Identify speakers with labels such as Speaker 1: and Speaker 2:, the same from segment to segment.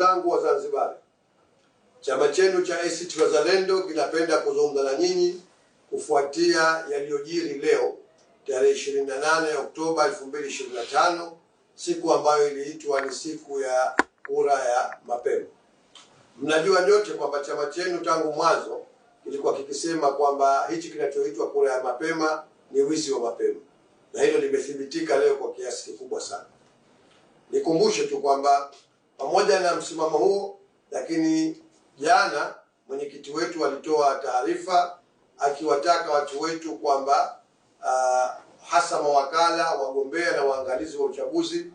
Speaker 1: zangu wa Zanzibar, chama chenu cha ACT Wazalendo kinapenda kuzungumza na nyinyi kufuatia yaliyojiri leo tarehe 28 Oktoba 2025, siku ambayo iliitwa ni siku ya kura ya mapema. Mnajua nyote kwamba chama chenu tangu mwanzo kilikuwa kikisema kwamba hichi kinachoitwa kura ya mapema ni wizi wa mapema, na hilo limethibitika leo kwa kiasi kikubwa sana. Nikumbushe tu kwamba pamoja na msimamo huo, lakini jana mwenyekiti wetu alitoa taarifa akiwataka watu wetu kwamba uh, hasa mawakala, wagombea na waangalizi wa uchaguzi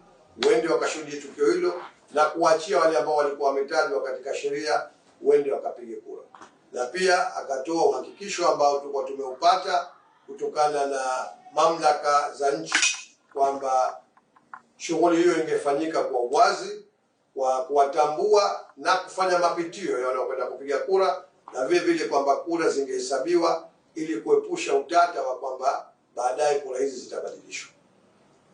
Speaker 1: wende wakashuhudie tukio hilo na kuachia wale ambao walikuwa wametajwa katika sheria wende wakapige kura, na pia akatoa uhakikisho ambao tulikuwa tumeupata kutokana na mamlaka za nchi kwamba shughuli hiyo ingefanyika kwa uwazi kwa kuwatambua na kufanya mapitio ya wanaokwenda kupiga kura na vile vile kwamba kura zingehesabiwa ili kuepusha utata wa kwamba baadaye kura hizi zitabadilishwa.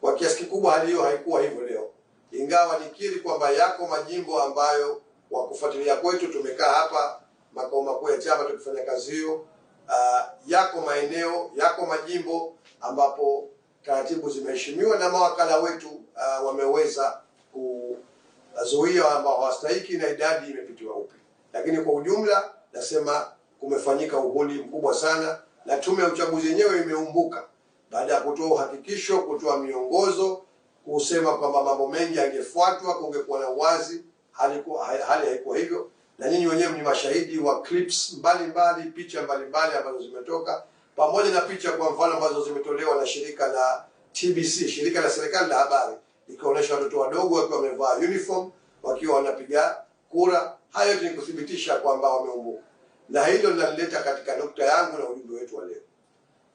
Speaker 1: Kwa kiasi kikubwa hali hiyo haikuwa hivyo leo, ingawa nikiri kwamba yako majimbo ambayo kwa kufuatilia kwetu tumekaa hapa makao makuu ya chama tukifanya kazi hiyo. Uh, yako maeneo yako majimbo ambapo taratibu zimeheshimiwa na mawakala wetu uh, wameweza ku mazuio ambao hawastahiki na idadi imepitiwa upi. Lakini kwa ujumla nasema kumefanyika uhuni mkubwa sana, na tume ya uchaguzi yenyewe imeumbuka baada ya kutoa uhakikisho, kutoa miongozo, kusema kwamba mambo mengi yangefuatwa, kungekuwa na uwazi. Hali haiko hivyo, na nyinyi wenyewe ni mashahidi wa clips mbalimbali mbali, picha mbalimbali ambazo mbali zimetoka pamoja na picha kwa mfano ambazo zimetolewa na shirika la TBC, shirika la serikali la habari ikionyesha watoto wadogo wakiwa wamevaa uniform wakiwa wanapiga kura. Hayo ni kuthibitisha kwamba wameumbuka, na hilo linalileta katika nukta yangu na ujumbe wetu wa leo.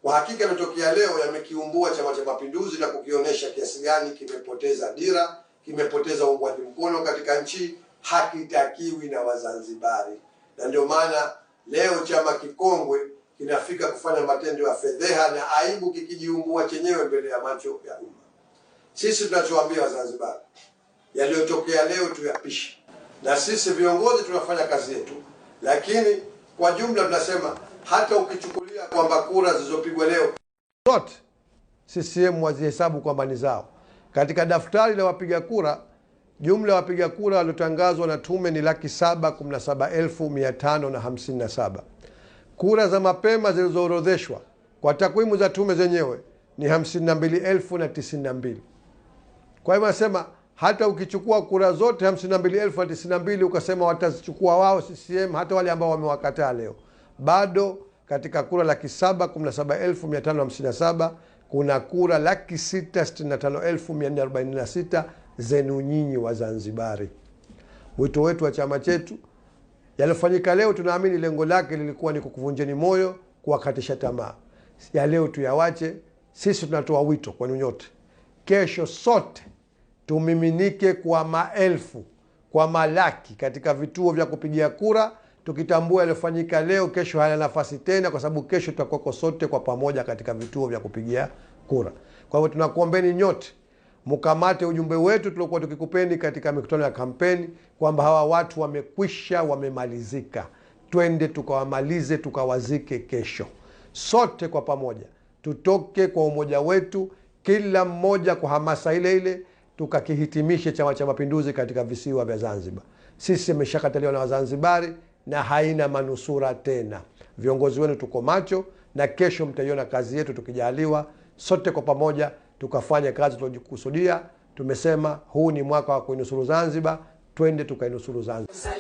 Speaker 1: Kwa hakika yanayotokea leo yamekiumbua Chama cha Mapinduzi na kukionyesha kiasi gani kimepoteza dira, kimepoteza uungwaji mkono katika nchi, hakitakiwi na Wazanzibari, na ndio maana leo chama kikongwe kinafika kufanya matendo ya fedheha na aibu kikijiumbua chenyewe mbele ya macho ya umma. Sisi tunachowaambia Wazanzibari, yaliyotokea leo tuyapishe, na sisi viongozi tunafanya kazi yetu, lakini kwa jumla tunasema hata ukichukulia kwamba kura zilizopigwa leo
Speaker 2: zote CCM wazihesabu kwamba ni zao, katika daftari la wapiga kura, jumla ya wapiga kura waliotangazwa na tume ni laki saba kumi na saba elfu mia tano na hamsini na saba. Kura za mapema zilizoorodheshwa kwa takwimu za tume zenyewe ni na mbili. Kwa hivyo nasema hata ukichukua kura zote hamsini na elfu ukasema watazichukua wao CCM, hata wale ambao wamewakataa leo, bado katika kura laki saba kumi na saba elfu mia tano hamsini na saba kuna kura laki sita sitini na tano elfu mia nne arobaini na sita zenu nyinyi Wazanzibari. Wito wetu wa chama chetu, yaliyofanyika leo, tunaamini lengo lake lilikuwa ni kukuvunjeni moyo, kuwakatisha tamaa. Ya leo tuyawache. Sisi tunatoa wito kwenu nyote, kesho sote tumiminike kwa maelfu, kwa malaki katika vituo vya kupigia kura, tukitambua yaliyofanyika leo, kesho hayana nafasi tena, kwa sababu kesho tutakuwako sote kwa pamoja katika vituo vya kupigia kura. Kwa hivyo tunakuombeni nyote mkamate ujumbe wetu tuliokuwa tukikupeni katika mikutano ya kampeni kwamba hawa watu wamekwisha, wamemalizika. Twende tukawamalize, tukawazike kesho. Sote kwa pamoja tutoke kwa umoja wetu, kila mmoja kwa hamasa ile ile tukakihitimishe Chama cha Mapinduzi katika visiwa vya Zanzibar. Sisi imeshakataliwa na Wazanzibari na haina manusura tena. Viongozi wenu tuko macho, na kesho mtaiona kazi yetu tukijaliwa, sote kwa pamoja tukafanya kazi tuliokusudia. Tumesema huu ni mwaka wa kuinusuru Zanzibar, twende tukainusuru Zanzibar.